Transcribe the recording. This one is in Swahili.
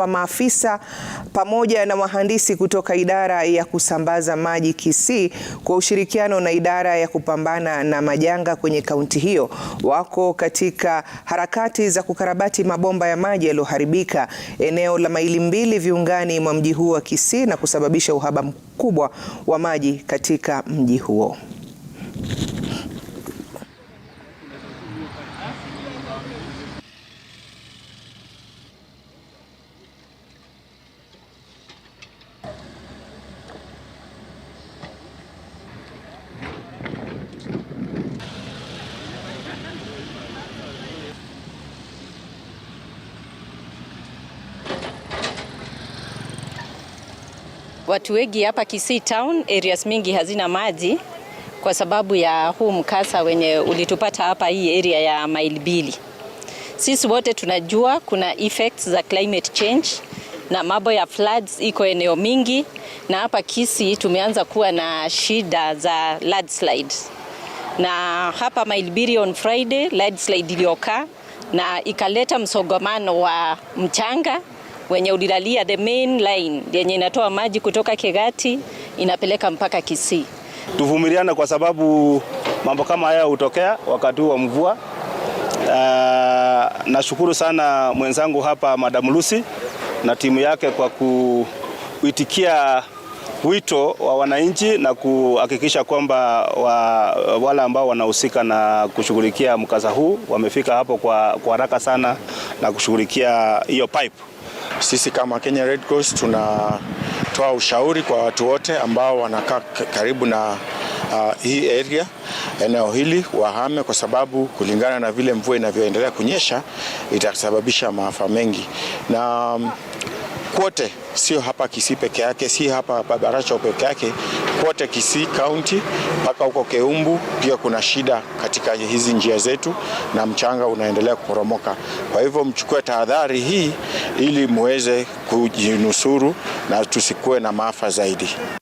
pa maafisa pamoja na wahandisi kutoka idara ya kusambaza maji Kisii kwa ushirikiano na idara ya kupambana na majanga kwenye kaunti hiyo wako katika harakati za kukarabati mabomba ya maji yaliyoharibika eneo la maili mbili viungani mwa mji huo wa Kisii na kusababisha uhaba mkubwa wa maji katika mji huo. Watu wengi hapa Kisii town areas mingi hazina maji kwa sababu ya huu mkasa wenye ulitupata hapa hii area ya bili Sisi wote tunajua kuna effects za climate change na mambo ya floods iko eneo mingi, na hapa Kisii tumeanza kuwa na shida za landslides. Na hapa Mailbili on Friday landslide iliokaa na ikaleta msongamano wa mchanga wenye ulilalia the main line yenye inatoa maji kutoka Kegati inapeleka mpaka Kisii. Tuvumiliane kwa sababu mambo kama haya hutokea wakati wa mvua. Uh, nashukuru sana mwenzangu hapa Madam Lucy na timu yake kwa kuitikia wito wa wananchi na kuhakikisha kwamba wa, wale ambao wanahusika na kushughulikia mkasa huu wamefika hapo kwa haraka sana na kushughulikia hiyo pipe. Sisi kama Kenya Red Cross tunatoa ushauri kwa watu wote ambao wanakaa karibu na uh, hii area eneo hili wahame, kwa sababu kulingana na vile mvua inavyoendelea kunyesha itasababisha maafa mengi na um, kote sio hapa Kisii peke yake, si hapa Baracha peke yake, kote Kisii County mpaka huko Keumbu pia kuna shida katika hizi njia zetu, na mchanga unaendelea kuporomoka. Kwa hivyo mchukue tahadhari hii ili muweze kujinusuru na tusikuwe na maafa zaidi.